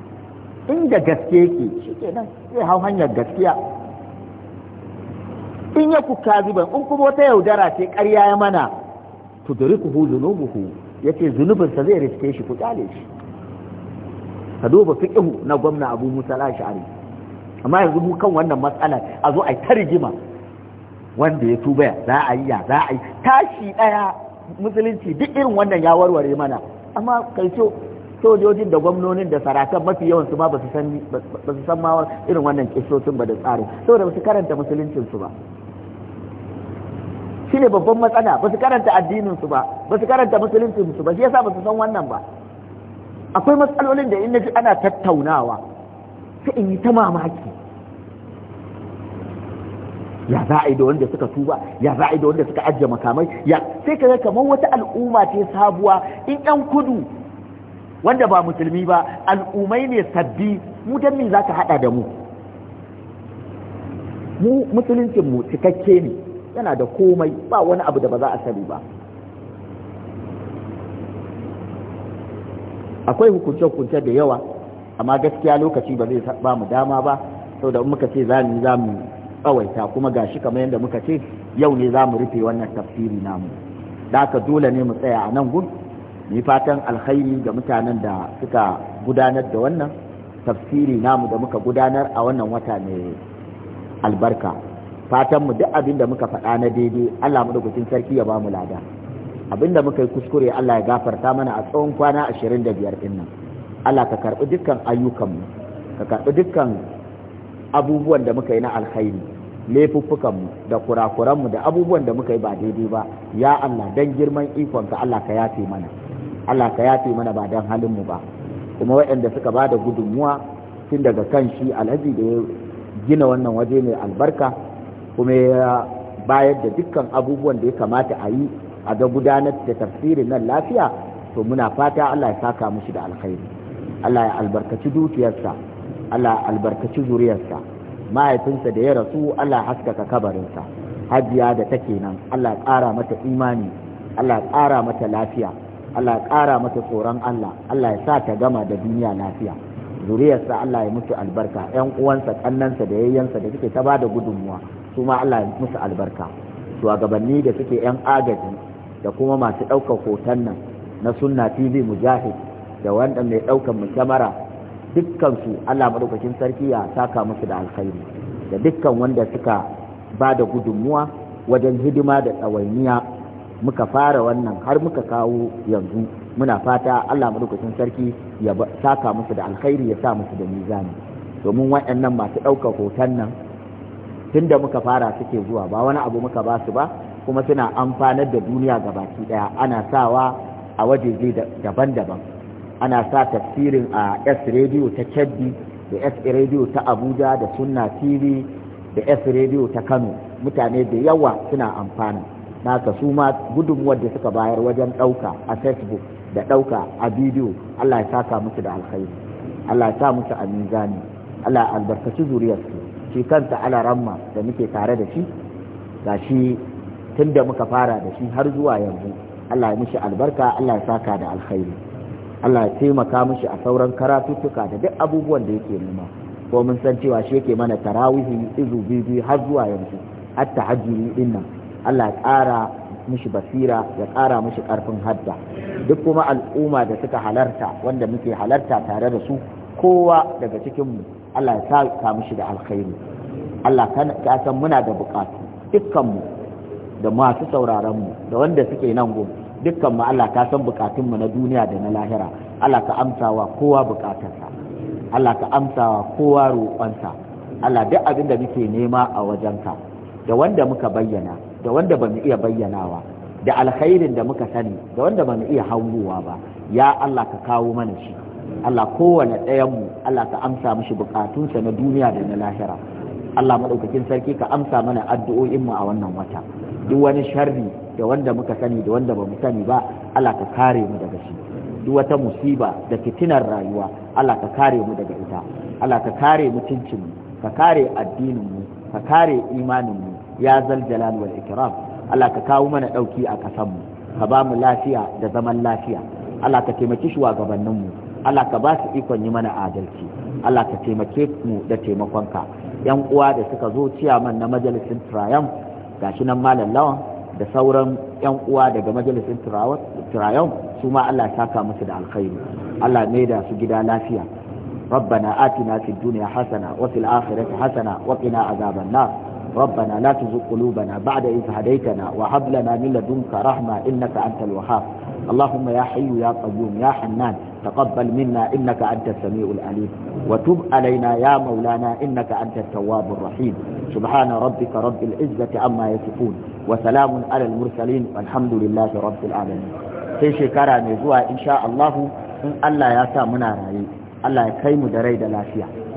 inda gaske yake shikenan sai hau hanyar gaskiya in yaku kaziban in kuma wata yaudara ce ƙarya ya mana tudrikuhu zunubuhu yace zunubinsa zai riske shi ku kale shi ka duba fiqhu na gwamna Abu Musa al-Ash'ari amma yanzu mu kan wannan matsala a zo ai ta wanda ya tuba ya za a yi ya za a yi tashi ɗaya musulunci duk irin wannan ya warware mana amma kai so sojojin da gwamnonin da sarakan mafi yawan su ma ba su san ma irin wannan kisoshin ba da tsarin saboda ba su karanta musuluncin su ba shi ne babban matsala ba su karanta addinin su ba ba su karanta musuluncin su ba shi yasa ba su san wannan ba akwai matsalolin da in ji ana tattaunawa sai in yi ta mamaki ya za a yi da wanda suka tuba ya za a yi da wanda suka ajiye makamai ya sai ka kaga kamar wata al'umma ce sabuwa in yan kudu wanda ba musulmi ba al'ummai ne sabbi mu dan me zaka hada da mu mu musuluncin mu cikakke ne yana da komai ba wani abu da ba za a sani ba akwai hukunce-hukunce da yawa amma gaskiya lokaci ba zai ba mu dama ba sau da muka ce za mu za mu tsawaita kuma gashi kamar yadda muka ce yau ne za mu rufe wannan tafsiri namu da haka dole ne mu tsaya a nan gun mu fatan alkhairi ga mutanen da suka gudanar da wannan tafsiri namu da muka gudanar a wannan wata mai albarka fatan mu duk abin da muka faɗa na daidai Allah madaukakin sarki ya ba mu lada Abinda da muka yi kuskure Allah ya gafarta mana a tsawon kwana 25 din nan Allah ka karbi dukkan mu ka karbi dukkan abubuwan da muka yi na alkhairi laifuffukanmu da kurakuranmu da abubuwan da muka yi ba daidai ba ya Allah dan girman ikonka Allah ka yafe mana Allah ka yafe mana ba dan halinmu ba kuma waɗanda suka ba da gudunmuwa tun daga kan shi alhaji da ya gina wannan waje mai albarka kuma ya bayar da dukkan abubuwan da ya kamata a yi a ga gudanar da tafsirin nan lafiya to muna fata Allah ya saka mushi da alkhairi Allah ya albarkaci dukiyarsa Allah ya albarkaci zuriyarsa mahaifinsa da ya rasu Allah haskaka kabarinsa hajiya da take nan Allah ƙara mata imani Allah ƙara mata lafiya Allah ƙara mata tsoron Allah Allah ya sa ta gama da duniya lafiya zuriyarsa Allah ya mutu albarka ƴan uwansa kannansa da yayyansa da suke ta ba da gudunmuwa su ma Allah ya musu albarka shugabanni da suke ƴan agaji da kuma masu ɗaukar hoton nan na sunna tv mujahid da wanda mai ɗaukar mu kyamara dukkansu Allah madaukakin sarki ya saka musu da alkhairi da dukkan wanda suka ba da gudunmuwa wajen hidima da tsawainiya muka fara wannan har muka kawo yanzu muna fata Allah madaukakin sarki ya saka musu da alkhairi ya sa musu da mizani domin waɗannan masu ɗaukar hoton nan tunda muka fara suke zuwa ba wani abu muka ba su ba kuma suna amfanar da duniya gabaki ɗaya ana sawa a wajeje daban-daban ana sa tafsirin a s radio ta kebbi da s radio ta abuja da sunna tv da s radio ta kano mutane da yawa suna amfana naka su ma gudunmuwar da suka bayar wajen ɗauka a facebook da ɗauka a bidiyo allah ya saka musu da alkhairi allah ya sa musu a mizani allah albarkaci zuriyarsu shi kansa ala ramma da muke tare da shi ga shi tun da muka fara da shi har zuwa yanzu allah ya mishi albarka allah ya saka da alkhairi Allah ya taimaka mishi a sauran karatuttuka da duk abubuwan da yake nema ko mun san cewa shi yake mana tarawihi izu bibi, har zuwa yanzu Hatta tahajjudi din nan Allah ya ƙara mishi basira ya ƙara mishi ƙarfin hadda duk kuma al'umma da suka halarta wanda muke halarta tare da su kowa daga cikin mu Allah ya sa mishi da alkhairi Allah ka san muna da buƙatu dukkan mu da masu sauraron mu da wanda suke nan gobe dukkan mu Allah ka san bukatun mu na duniya da na lahira Allah ka wa kowa bukatarsa Allah ka wa kowa roƙonsa Allah duk abin da muke nema a wajenka da wanda muka bayyana da wanda bamu iya bayyanawa da alkhairin da muka sani da wanda bamu iya hangowa ba ya Allah ka kawo mana shi Allah kowane ɗayan mu Allah ka amsa mishi bukatunsa na duniya da na lahira Allah maɗaukakin sarki ka amsa mana addu'o'inmu a wannan wata duk wani sharri da wanda muka sani da wanda ba mu sani ba Allah ka kare mu daga shi duk wata musiba da fitinar rayuwa Allah ka kare mu daga ita Allah ka kare mutuncinmu ka kare addininmu ka kare imaninmu ya zal jalal wal ikram Allah ka kawo mana dauki a kasanmu ka ba mu lafiya da zaman lafiya Allah ka taimaki shugabanninmu Allah ka ba su ikon yi mana adalci Allah ka taimake mu da taimakonka yan uwa da suka zo ciyaman na majalisin triumph gashi nan malam lawan da sauran yan uwa daga majalisin turayon su ma Allah saka musu da alkhairi Allah mai da su gida lafiya ربنا آتنا في الدنيا حسنة وفي الآخرة حسنة وقنا عذاب النار ربنا لا تزغ قلوبنا بعد إذ هديتنا وهب لنا من لدنك رحمة إنك أنت الوهاب اللهم يا حي يا قيوم يا حنان تقبل منا إنك أنت السميع العليم وتب علينا يا مولانا إنك أنت التواب الرحيم سبحان ربك رب العزة عما يصفون وسلام على المرسلين والحمد لله رب العالمين sai shekara mai zuwa insha Allahu in Allah ya sa muna raye Allah ya kai mu da rai da lafiya